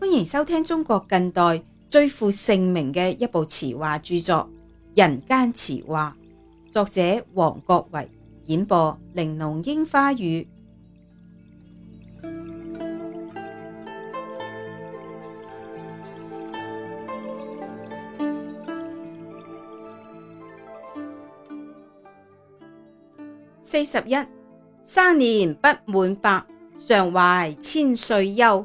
歡迎收聽中國近代最負盛名嘅一部詞話著作《人間詞話》，作者王國維，演播玲瓏櫻花雨。四十一，生年不滿百，常懷千歲憂。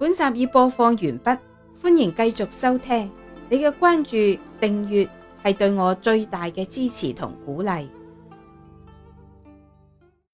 本集已播放完畢，歡迎繼續收聽。你嘅關注、訂閱係對我最大嘅支持同鼓勵。